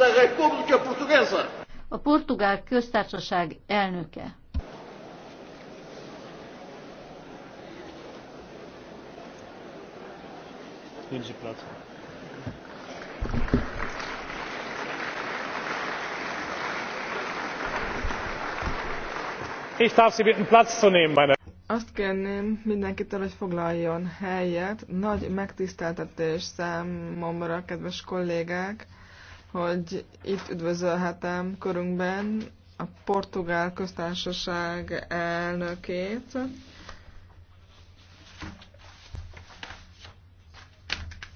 da República Portuguesa. A portugál köztársaság elnöke. Ich darf Sie bitten, Platz zu nehmen, meine azt kérném mindenkitől, hogy foglaljon helyet. Nagy megtiszteltetés számomra, kedves kollégák, hogy itt üdvözölhetem körünkben a Portugál köztársaság elnökét.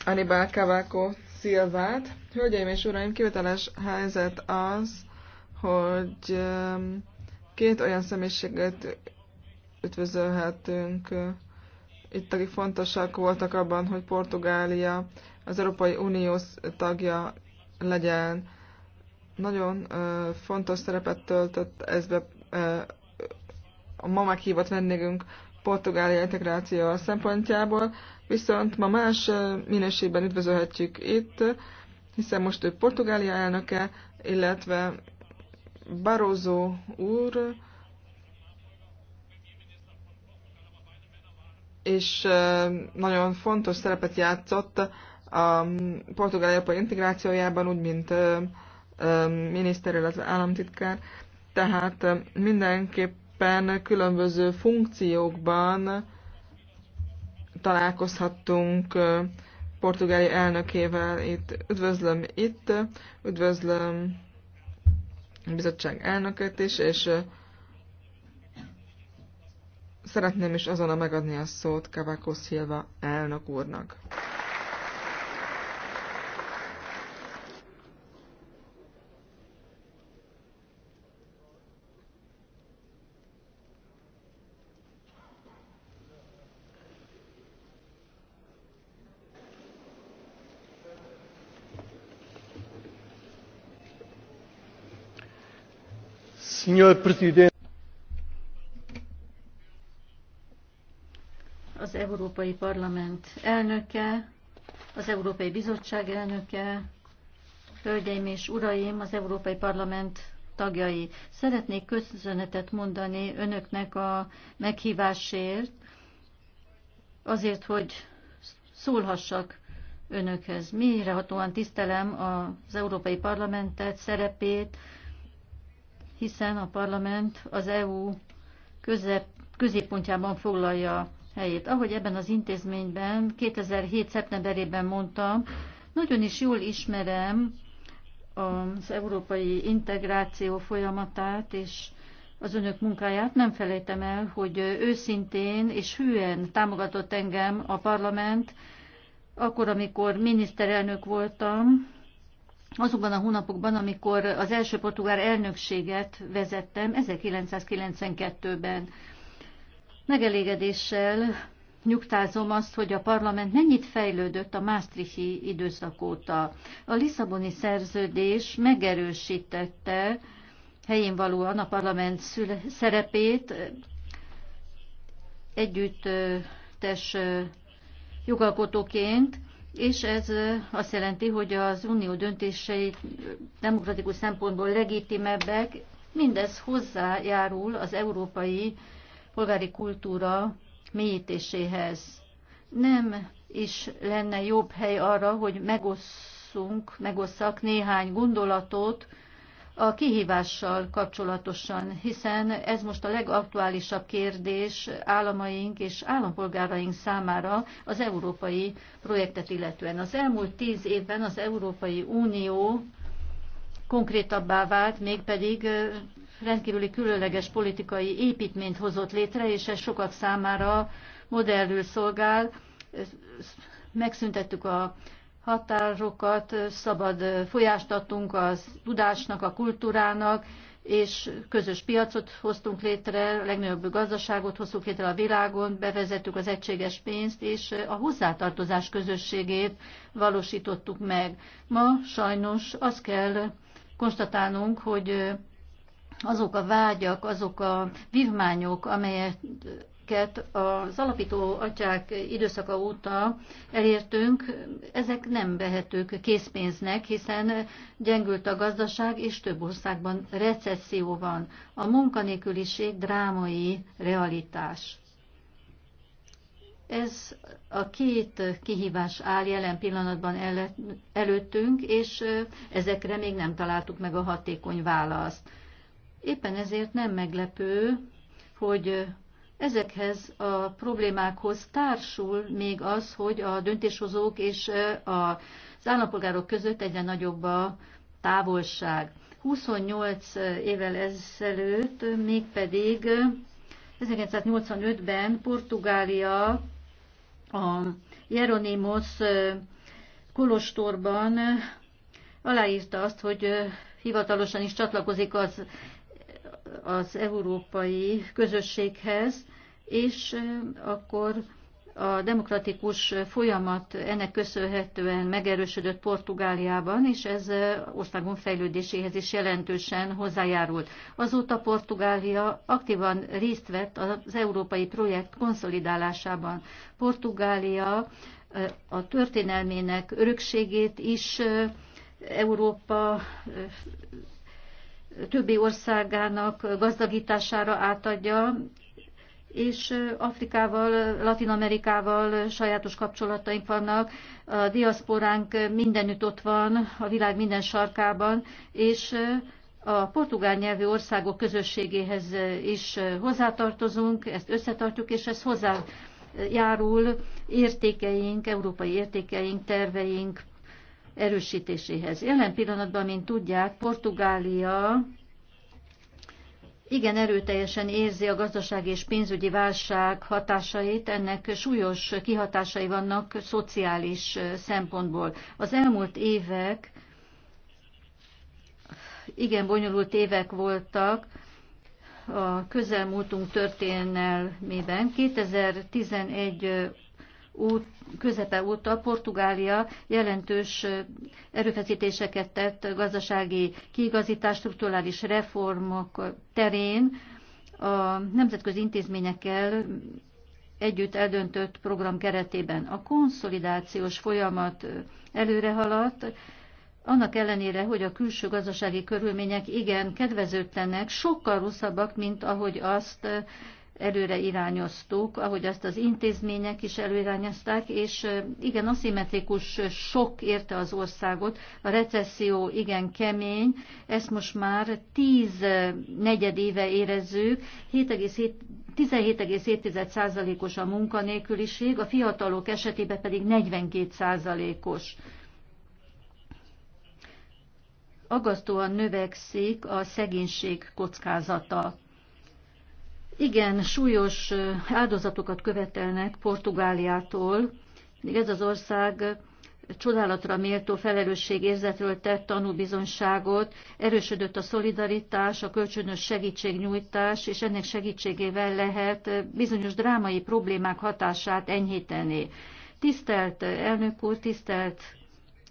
Anibal Cavaco Szilvát. Hölgyeim és uraim, kivételes helyzet az, hogy um, két olyan személyiséget üdvözölhetünk itt, akik fontosak voltak abban, hogy Portugália az Európai Unió tagja legyen. Nagyon fontos szerepet töltött ezbe a ma meghívott vendégünk Portugália integráció szempontjából, viszont ma más minőségben üdvözölhetjük itt, hiszen most ő Portugália elnöke, illetve Barroso úr, és nagyon fontos szerepet játszott a portugál európai integrációjában, úgy mint miniszter, illetve államtitkár. Tehát mindenképpen különböző funkciókban találkozhattunk portugáli elnökével itt. Üdvözlöm itt, üdvözlöm a bizottság elnöket is, és szeretném is azonnal megadni a szót kavakos Silva elnök úrnak. Signor Presidente. Az Európai Parlament elnöke, az Európai Bizottság elnöke, hölgyeim és uraim, az Európai Parlament tagjai. Szeretnék köszönetet mondani önöknek a meghívásért, azért, hogy szólhassak önökhez. Mélyrehatóan tisztelem az Európai Parlamentet, szerepét, hiszen a parlament az EU közep, középpontjában foglalja helyét. Ahogy ebben az intézményben 2007. szeptemberében mondtam, nagyon is jól ismerem az európai integráció folyamatát, és az önök munkáját. Nem felejtem el, hogy őszintén és hűen támogatott engem a parlament, akkor, amikor miniszterelnök voltam, azokban a hónapokban, amikor az első portugál elnökséget vezettem 1992-ben. Megelégedéssel nyugtázom azt, hogy a parlament mennyit fejlődött a Maastrichti időszak óta. A Lisszaboni szerződés megerősítette helyén valóan a parlament szerepét, együttes jogalkotóként és ez azt jelenti, hogy az unió döntései demokratikus szempontból legitimebbek, mindez hozzájárul az európai polgári kultúra mélyítéséhez. Nem is lenne jobb hely arra, hogy megosszunk, megosszak néhány gondolatot, a kihívással kapcsolatosan, hiszen ez most a legaktuálisabb kérdés államaink és állampolgáraink számára az európai projektet illetően. Az elmúlt tíz évben az Európai Unió konkrétabbá vált, mégpedig rendkívüli különleges politikai építményt hozott létre, és ez sokak számára modellül szolgál. Megszüntettük a határokat, szabad folyást adtunk a tudásnak, a kultúrának, és közös piacot hoztunk létre, a legnagyobb gazdaságot hoztuk létre a világon, bevezettük az egységes pénzt, és a hozzátartozás közösségét valósítottuk meg. Ma sajnos azt kell konstatálnunk, hogy azok a vágyak, azok a vívmányok, amelyek amiket az alapító atyák időszaka óta elértünk, ezek nem vehetők készpénznek, hiszen gyengült a gazdaság, és több országban recesszió van. A munkanélküliség drámai realitás. Ez a két kihívás áll jelen pillanatban előttünk, és ezekre még nem találtuk meg a hatékony választ. Éppen ezért nem meglepő, hogy Ezekhez a problémákhoz társul még az, hogy a döntéshozók és az állampolgárok között egyre nagyobb a távolság. 28 évvel ezelőtt, mégpedig 1985-ben Portugália a Jeronimos kolostorban aláírta azt, hogy hivatalosan is csatlakozik az az európai közösséghez, és akkor a demokratikus folyamat ennek köszönhetően megerősödött Portugáliában, és ez országunk fejlődéséhez is jelentősen hozzájárult. Azóta Portugália aktívan részt vett az európai projekt konszolidálásában. Portugália a történelmének örökségét is Európa többi országának gazdagítására átadja, és Afrikával, Latin Amerikával sajátos kapcsolataink vannak. A diaszporánk mindenütt ott van, a világ minden sarkában, és a portugál nyelvű országok közösségéhez is hozzátartozunk, ezt összetartjuk, és ez hozzájárul értékeink, európai értékeink, terveink erősítéséhez. Jelen pillanatban, mint tudják, Portugália igen erőteljesen érzi a gazdasági és pénzügyi válság hatásait, ennek súlyos kihatásai vannak szociális szempontból. Az elmúlt évek igen bonyolult évek voltak a közelmúltunk történelmében. 2011 út, közepe óta Portugália jelentős erőfeszítéseket tett gazdasági kiigazítás, strukturális reformok terén a nemzetközi intézményekkel együtt eldöntött program keretében. A konszolidációs folyamat előre haladt, annak ellenére, hogy a külső gazdasági körülmények igen kedvezőtlenek, sokkal rosszabbak, mint ahogy azt előre irányoztuk, ahogy azt az intézmények is előirányozták, és igen, aszimmetrikus sok érte az országot, a recesszió igen kemény, ezt most már 10 negyed éve érezzük, 17,7%-os a munkanélküliség, a fiatalok esetében pedig 42%-os Agasztóan növekszik a szegénység kockázata igen súlyos áldozatokat követelnek Portugáliától. Még ez az ország csodálatra méltó érzetről tett tanúbizonságot, erősödött a szolidaritás, a kölcsönös segítségnyújtás, és ennek segítségével lehet bizonyos drámai problémák hatását enyhíteni. Tisztelt elnök úr, tisztelt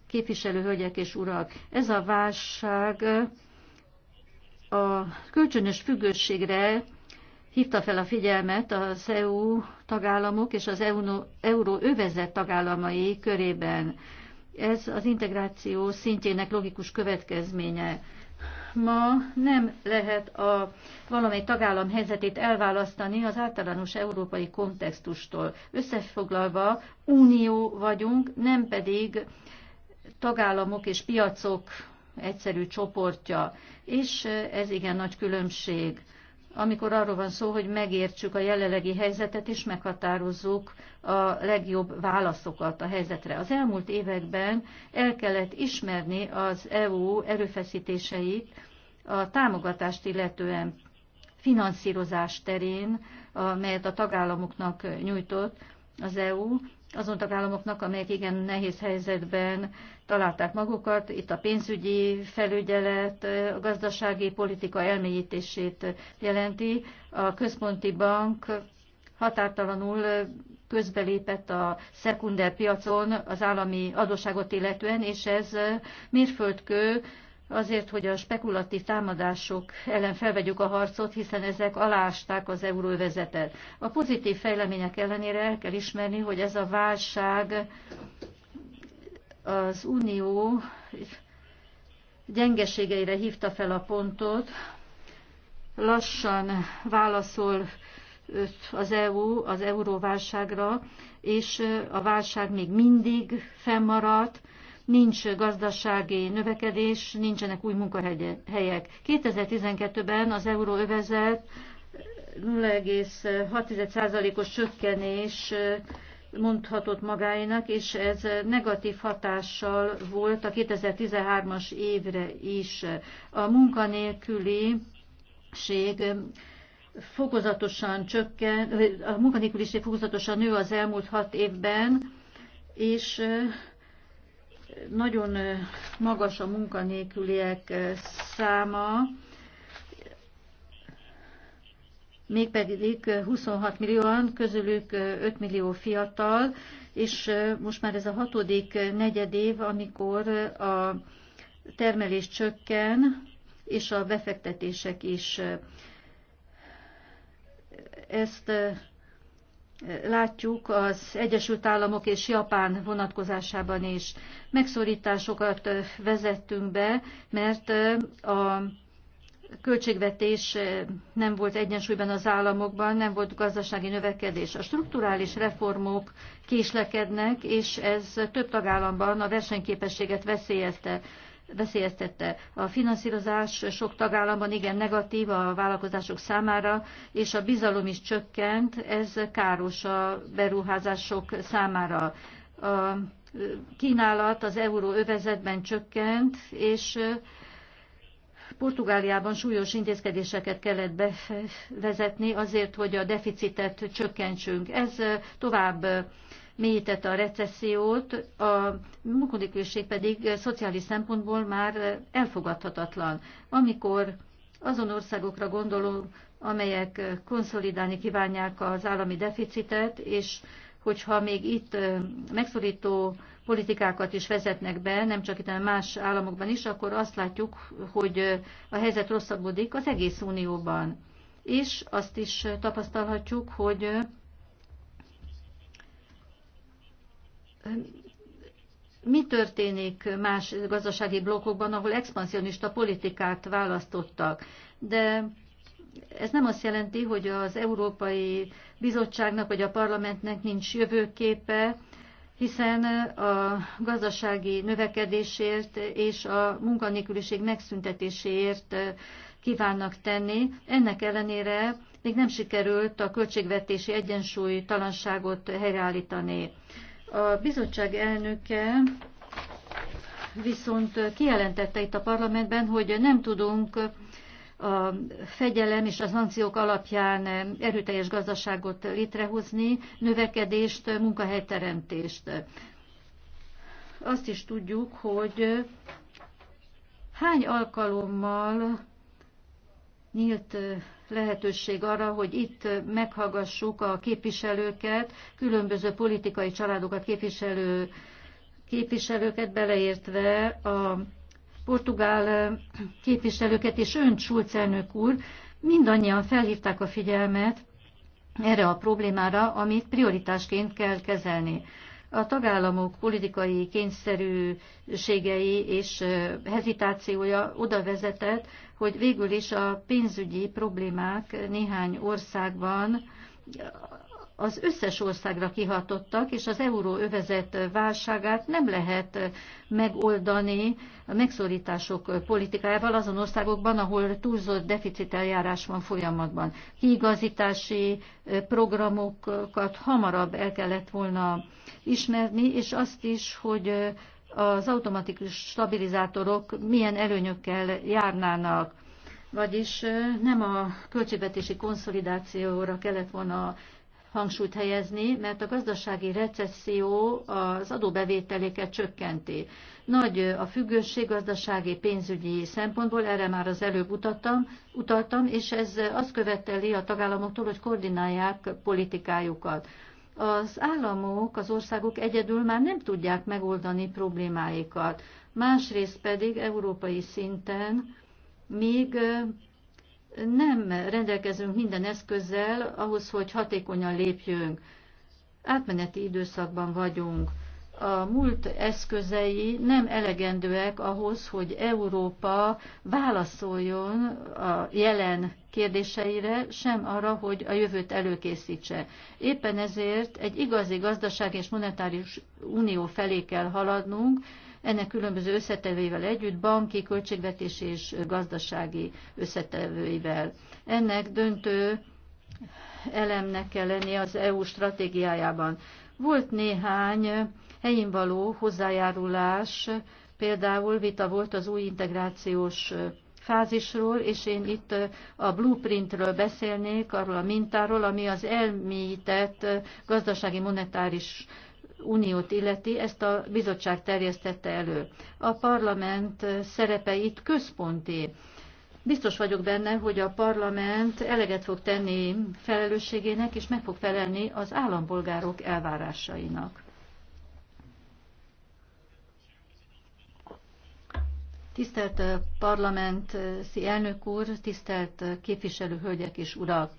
képviselő hölgyek és urak! Ez a válság a kölcsönös függőségre hívta fel a figyelmet az EU tagállamok és az e euró övezet tagállamai körében. Ez az integráció szintjének logikus következménye. Ma nem lehet a valamely tagállam helyzetét elválasztani az általános európai kontextustól. Összefoglalva unió vagyunk, nem pedig tagállamok és piacok egyszerű csoportja, és ez igen nagy különbség amikor arról van szó, hogy megértsük a jelenlegi helyzetet és meghatározzuk a legjobb válaszokat a helyzetre. Az elmúlt években el kellett ismerni az EU erőfeszítéseit a támogatást illetően finanszírozás terén, amelyet a tagállamoknak nyújtott az EU azon tagállamoknak, amelyek igen nehéz helyzetben találták magukat. Itt a pénzügyi felügyelet, a gazdasági politika elmélyítését jelenti. A központi bank határtalanul közbelépett a szekunder piacon az állami adósságot illetően, és ez mérföldkő azért, hogy a spekulatív támadások ellen felvegyük a harcot, hiszen ezek alásták az euróvezetet. A pozitív fejlemények ellenére el kell ismerni, hogy ez a válság az unió gyengeségeire hívta fel a pontot, lassan válaszol az EU az euróválságra, és a válság még mindig fennmaradt, nincs gazdasági növekedés, nincsenek új munkahelyek. 2012-ben az euróövezet 0,6%-os csökkenés mondhatott magáinak, és ez negatív hatással volt a 2013-as évre is. A munkanélküli fokozatosan csökken, a munkanélküliség fokozatosan nő az elmúlt hat évben, és nagyon magas a munkanélküliek száma, mégpedig 26 millióan, közülük 5 millió fiatal, és most már ez a hatodik negyedév, amikor a termelés csökken, és a befektetések is. Ezt látjuk az Egyesült Államok és Japán vonatkozásában is. Megszorításokat vezettünk be, mert a költségvetés nem volt egyensúlyban az államokban, nem volt gazdasági növekedés. A strukturális reformok késlekednek, és ez több tagállamban a versenyképességet veszélyezte veszélyeztette. A finanszírozás sok tagállamban igen negatív a vállalkozások számára, és a bizalom is csökkent, ez káros a beruházások számára. A kínálat az euróövezetben csökkent, és Portugáliában súlyos intézkedéseket kellett bevezetni azért, hogy a deficitet csökkentsünk. Ez tovább mélyítette a recessziót, a munkanélküliség pedig szociális szempontból már elfogadhatatlan. Amikor azon országokra gondolunk, amelyek konszolidálni kívánják az állami deficitet, és hogyha még itt megszorító politikákat is vezetnek be, nem csak itt, hanem más államokban is, akkor azt látjuk, hogy a helyzet rosszabbodik az egész unióban. És azt is tapasztalhatjuk, hogy mi történik más gazdasági blokkokban, ahol expansionista politikát választottak. De ez nem azt jelenti, hogy az Európai Bizottságnak vagy a parlamentnek nincs jövőképe, hiszen a gazdasági növekedésért és a munkanélküliség megszüntetéséért kívánnak tenni. Ennek ellenére még nem sikerült a költségvetési egyensúlytalanságot helyreállítani. A bizottság elnöke viszont kijelentette itt a parlamentben, hogy nem tudunk a fegyelem és a szankciók alapján erőteljes gazdaságot létrehozni, növekedést, munkahelyteremtést. Azt is tudjuk, hogy hány alkalommal nyílt lehetőség arra, hogy itt meghallgassuk a képviselőket, különböző politikai családokat képviselő képviselőket, beleértve a portugál képviselőket, és ön, Schulz elnök úr, mindannyian felhívták a figyelmet erre a problémára, amit prioritásként kell kezelni a tagállamok politikai kényszerűségei és hezitációja oda vezetett, hogy végül is a pénzügyi problémák néhány országban az összes országra kihatottak, és az euróövezet válságát nem lehet megoldani a megszorítások politikájával azon országokban, ahol túlzott deficiteljárás van folyamatban. Kiigazítási eh, programokat hamarabb el kellett volna ismerni, és azt is, hogy eh, az automatikus stabilizátorok milyen előnyökkel járnának vagyis eh, nem a költségvetési konszolidációra kellett volna hangsúlyt helyezni, mert a gazdasági recesszió az adóbevételéket csökkenti. Nagy a függőség gazdasági pénzügyi szempontból, erre már az előbb utattam, utaltam, és ez azt követeli a tagállamoktól, hogy koordinálják politikájukat. Az államok, az országok egyedül már nem tudják megoldani problémáikat. Másrészt pedig európai szinten még nem rendelkezünk minden eszközzel ahhoz, hogy hatékonyan lépjünk. Átmeneti időszakban vagyunk. A múlt eszközei nem elegendőek ahhoz, hogy Európa válaszoljon a jelen kérdéseire, sem arra, hogy a jövőt előkészítse. Éppen ezért egy igazi gazdaság és monetáris unió felé kell haladnunk, ennek különböző összetevőivel együtt, banki, költségvetési és gazdasági összetevőivel. Ennek döntő elemnek kell lennie az EU stratégiájában. Volt néhány helyén való hozzájárulás, például vita volt az új integrációs fázisról, és én itt a blueprintről beszélnék, arról a mintáról, ami az elmélyített gazdasági monetáris Uniót illeti, ezt a bizottság terjesztette elő. A parlament szerepe itt központi. Biztos vagyok benne, hogy a parlament eleget fog tenni felelősségének, és meg fog felelni az állampolgárok elvárásainak. Tisztelt parlamenti elnök úr, tisztelt képviselő hölgyek és urak!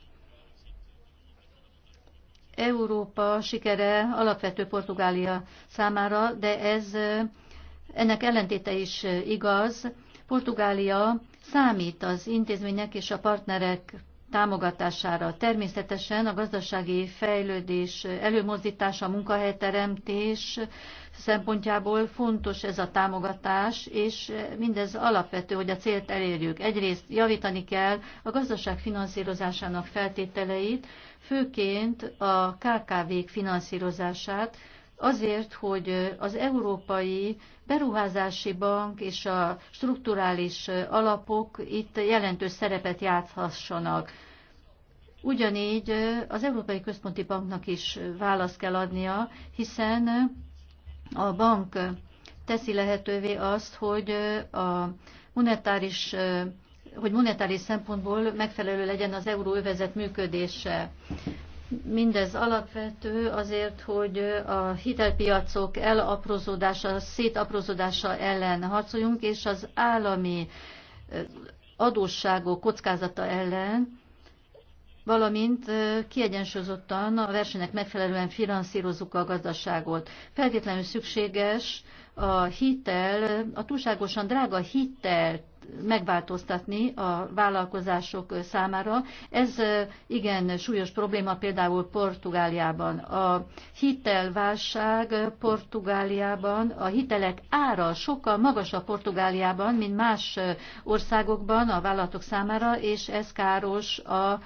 Európa sikere alapvető Portugália számára, de ez ennek ellentéte is igaz. Portugália számít az intézmények és a partnerek támogatására. Természetesen a gazdasági fejlődés előmozdítása, munkahelyteremtés, szempontjából fontos ez a támogatás, és mindez alapvető, hogy a célt elérjük. Egyrészt javítani kell a gazdaság finanszírozásának feltételeit, főként a KKV-k finanszírozását, azért, hogy az Európai Beruházási Bank és a strukturális alapok itt jelentős szerepet játszhassanak. Ugyanígy az Európai Központi Banknak is választ kell adnia, hiszen a bank teszi lehetővé azt, hogy a monetáris hogy monetáris szempontból megfelelő legyen az euróövezet működése. Mindez alapvető azért, hogy a hitelpiacok elaprózódása, szétaprózódása ellen harcoljunk, és az állami adósságok kockázata ellen, valamint kiegyensúlyozottan a versenynek megfelelően finanszírozzuk a gazdaságot. Feltétlenül szükséges a hitel, a túlságosan drága hitelt megváltoztatni a vállalkozások számára. Ez igen súlyos probléma például Portugáliában. A hitelválság Portugáliában, a hitelek ára sokkal magasabb Portugáliában, mint más országokban a vállalatok számára, és ez káros a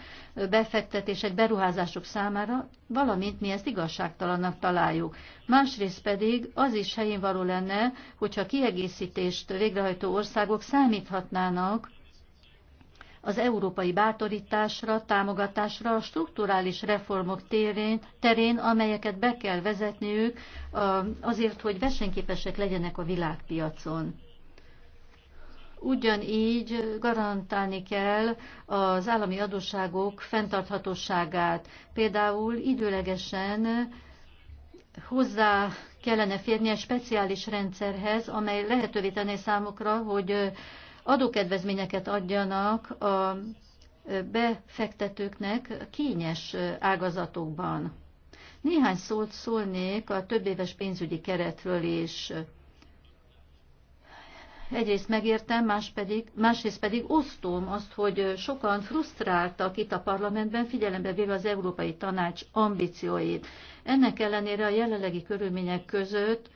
befektetések, beruházások számára, valamint mi ezt igazságtalannak találjuk. Másrészt pedig az is helyén való lenne, hogyha kiegészítést végrehajtó országok számíthatnának az európai bátorításra, támogatásra a strukturális reformok terén, terén, amelyeket be kell vezetniük azért, hogy versenyképesek legyenek a világpiacon. Ugyanígy garantálni kell az állami adósságok fenntarthatóságát. Például időlegesen hozzá kellene férni egy speciális rendszerhez, amely lehetővé tenné számukra, hogy adókedvezményeket adjanak a befektetőknek kényes ágazatokban. Néhány szót szólnék a többéves pénzügyi keretről is egyrészt megértem, más pedig, másrészt pedig osztom azt, hogy sokan frusztráltak itt a parlamentben, figyelembe véve az Európai Tanács ambícióit. Ennek ellenére a jelenlegi körülmények között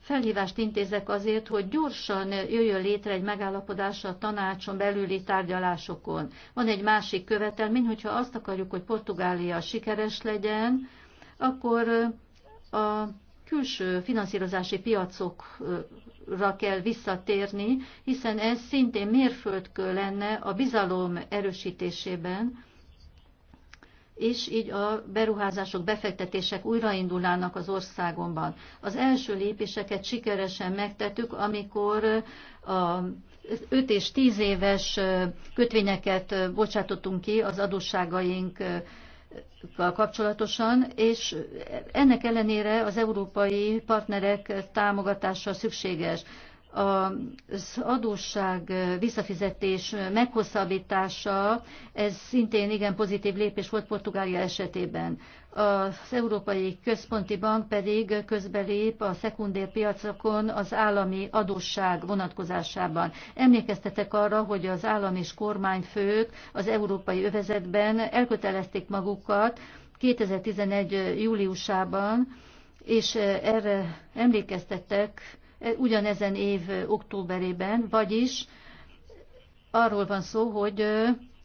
felhívást intézek azért, hogy gyorsan jöjjön létre egy megállapodás a tanácson belüli tárgyalásokon. Van egy másik követelmény, hogyha azt akarjuk, hogy Portugália sikeres legyen, akkor a külső finanszírozási piacok ra kell visszatérni, hiszen ez szintén mérföldkő lenne a bizalom erősítésében, és így a beruházások, befektetések újraindulának az országomban. Az első lépéseket sikeresen megtettük, amikor a 5 és 10 éves kötvényeket bocsátottunk ki az adósságaink kapcsolatosan, és ennek ellenére az európai partnerek támogatása szükséges. Az adósság visszafizetés meghosszabbítása, ez szintén igen pozitív lépés volt Portugália esetében. Az Európai Központi Bank pedig közbelép a szekundérpiacokon az állami adósság vonatkozásában. Emlékeztetek arra, hogy az állam és kormányfők az európai övezetben elkötelezték magukat 2011. júliusában, és erre emlékeztettek e, ugyanezen év októberében, vagyis arról van szó, hogy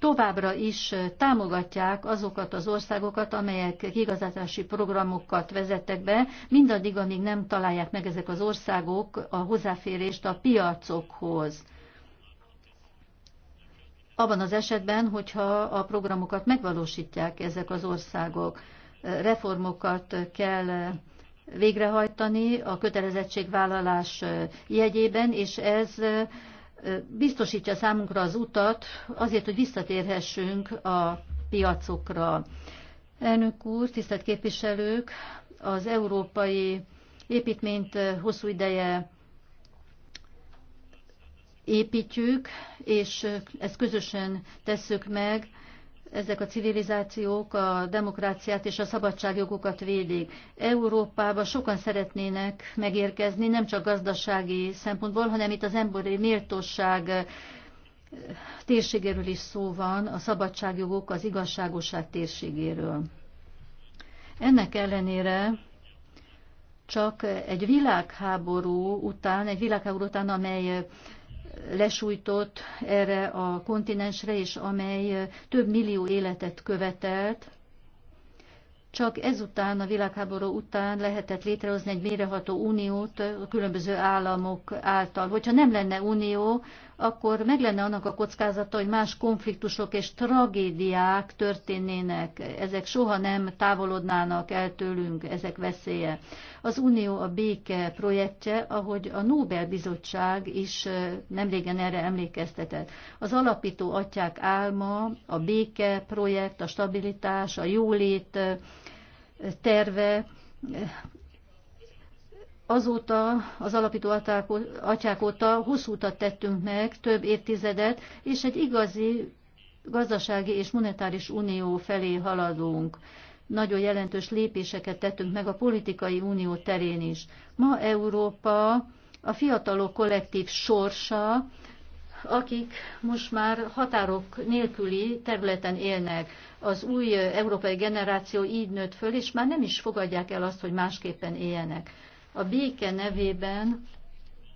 továbbra is támogatják azokat az országokat, amelyek kigazatási programokat vezettek be, mindaddig, amíg nem találják meg ezek az országok a hozzáférést a piacokhoz. Abban az esetben, hogyha a programokat megvalósítják ezek az országok, reformokat kell végrehajtani a kötelezettségvállalás jegyében, és ez biztosítja számunkra az utat azért, hogy visszatérhessünk a piacokra. Elnök úr, tisztelt képviselők, az európai építményt hosszú ideje építjük, és ezt közösen tesszük meg ezek a civilizációk a demokráciát és a szabadságjogokat védik. Európába sokan szeretnének megérkezni, nem csak gazdasági szempontból, hanem itt az emberi méltóság eh, térségéről is szó van, a szabadságjogok, az igazságosság térségéről. Ennek ellenére csak egy világháború után, egy világháború után, amely lesújtott erre a kontinensre, és amely több millió életet követelt. Csak ezután, a világháború után lehetett létrehozni egy méreható uniót a különböző államok által. Hogyha nem lenne unió, akkor meg lenne annak a kockázata, hogy más konfliktusok és tragédiák történnének. Ezek soha nem távolodnának el tőlünk, ezek veszélye. Az Unió a béke projektje, ahogy a Nobel-bizottság is nemrégen erre emlékeztetett. Az alapító atyák álma, a béke projekt, a stabilitás, a jólét terve azóta, az alapító atyák óta hosszú utat tettünk meg, több évtizedet, és egy igazi gazdasági és monetáris unió felé haladunk. Nagyon jelentős lépéseket tettünk meg a politikai unió terén is. Ma Európa a fiatalok kollektív sorsa, akik most már határok nélküli területen élnek. Az új európai generáció így nőtt föl, és már nem is fogadják el azt, hogy másképpen éljenek. A béke nevében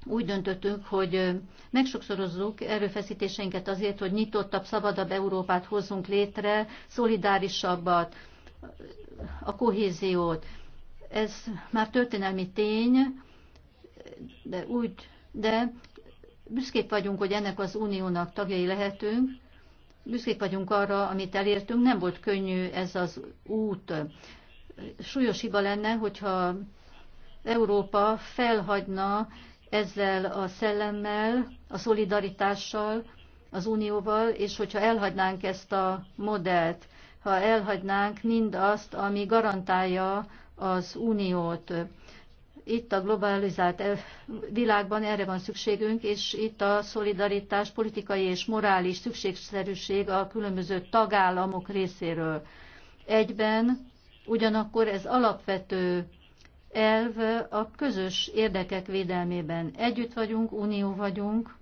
úgy döntöttünk, hogy megsokszorozzuk erőfeszítéseinket azért, hogy nyitottabb, szabadabb Európát hozzunk létre, szolidárisabbat, a kohéziót. Ez már történelmi tény, de úgy, de büszkék vagyunk, hogy ennek az uniónak tagjai lehetünk, büszkék vagyunk arra, amit elértünk, nem volt könnyű ez az út. Súlyos hiba lenne, hogyha Európa felhagyna ezzel a szellemmel, a szolidaritással, az unióval, és hogyha elhagynánk ezt a modellt, ha elhagynánk mindazt, ami garantálja az uniót. Itt a globalizált eh, világban erre van szükségünk, és itt a szolidaritás politikai és morális szükségszerűség a különböző tagállamok részéről. Egyben ugyanakkor ez alapvető elv a közös érdekek védelmében. Együtt vagyunk, unió vagyunk,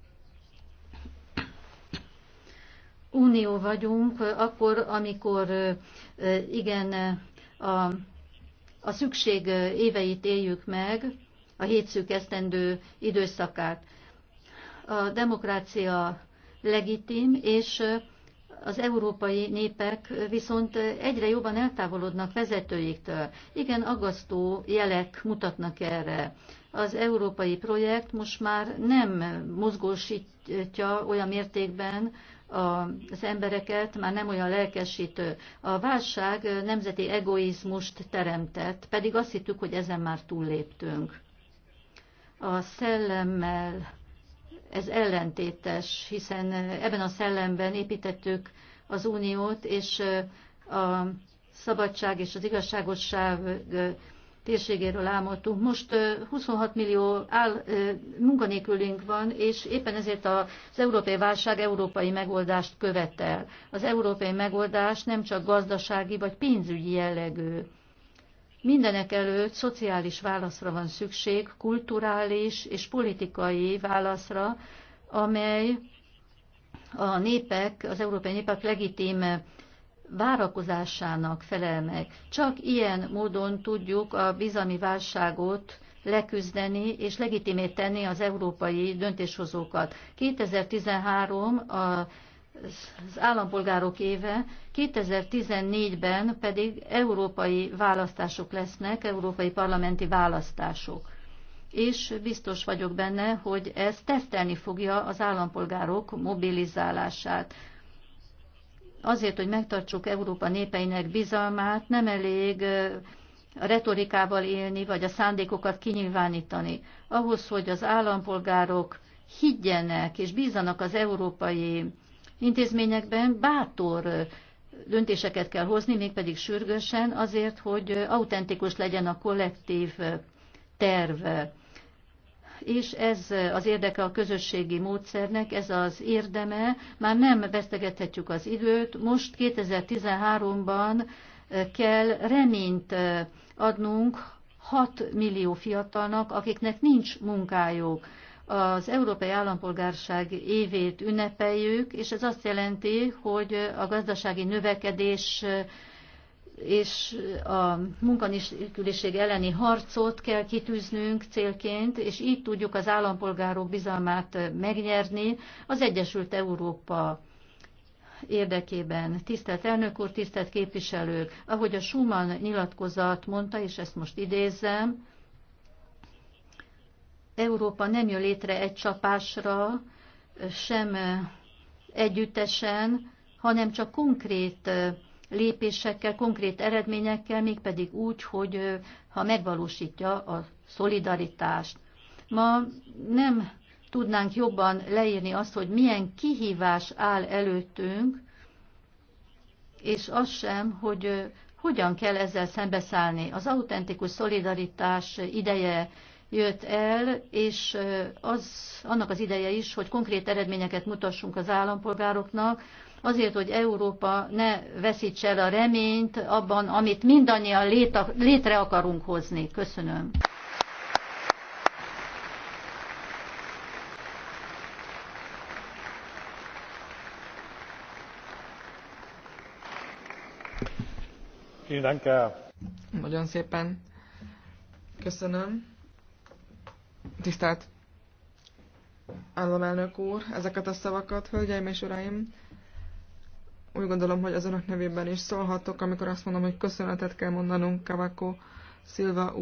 unió vagyunk akkor, amikor igen a, a szükség éveit éljük meg, a hét szűk esztendő időszakát. A demokrácia legitim, és az európai népek viszont egyre jobban eltávolodnak vezetőiktől. Igen, aggasztó jelek mutatnak erre. Az európai projekt most már nem mozgósítja olyan mértékben az embereket, már nem olyan lelkesítő. A válság nemzeti egoizmust teremtett, pedig azt hittük, hogy ezen már túlléptünk. A szellemmel ez ellentétes, hiszen ebben a szellemben építettük az uniót, és a szabadság és az igazságosság térségéről álmodtunk. Most 26 millió áll, munkanélkülünk van, és éppen ezért az európai válság európai megoldást követel. Az európai megoldás nem csak gazdasági vagy pénzügyi jellegű. Mindenek előtt szociális válaszra van szükség, kulturális és politikai válaszra, amely a népek, az európai népek legitim várakozásának felel meg. Csak ilyen módon tudjuk a bizalmi válságot leküzdeni és legitimé tenni az európai döntéshozókat. 2013 a az állampolgárok éve, 2014-ben pedig európai választások lesznek, európai parlamenti választások. És biztos vagyok benne, hogy ez tesztelni fogja az állampolgárok mobilizálását. Azért, hogy megtartsuk Európa népeinek bizalmát, nem elég a retorikával élni, vagy a szándékokat kinyilvánítani. Ahhoz, hogy az állampolgárok higgyenek és bízanak az európai intézményekben bátor döntéseket kell hozni, mégpedig sürgősen, azért, hogy autentikus legyen a kollektív terv. És ez az érdeke a közösségi módszernek, ez az érdeme. Már nem vesztegethetjük az időt. Most 2013-ban kell reményt adnunk 6 millió fiatalnak, akiknek nincs munkájuk az európai állampolgárság évét ünnepeljük, és ez azt jelenti, hogy a gazdasági növekedés és a munkanélküliség elleni harcot kell kitűznünk célként, és így tudjuk az állampolgárok bizalmát megnyerni az Egyesült Európa érdekében. Tisztelt elnök úr, tisztelt képviselők, ahogy a Schumann nyilatkozat mondta, és ezt most idézem, Európa nem jön létre egy csapásra, sem együttesen, hanem csak konkrét lépésekkel, konkrét eredményekkel, mégpedig úgy, hogy ha megvalósítja a szolidaritást. Ma nem tudnánk jobban leírni azt, hogy milyen kihívás áll előttünk, és az sem, hogy hogyan kell ezzel szembeszállni. Az autentikus szolidaritás ideje jött el, és az, annak az ideje is, hogy konkrét eredményeket mutassunk az állampolgároknak, azért, hogy Európa ne veszítse el a reményt abban, amit mindannyian létre akarunk hozni. Köszönöm. Nagyon szépen köszönöm. Tisztelt államelnök úr, ezeket a szavakat, hölgyeim és uraim, úgy gondolom, hogy az önök nevében is szólhatok, amikor azt mondom, hogy köszönetet kell mondanunk Kavako Szilva úr.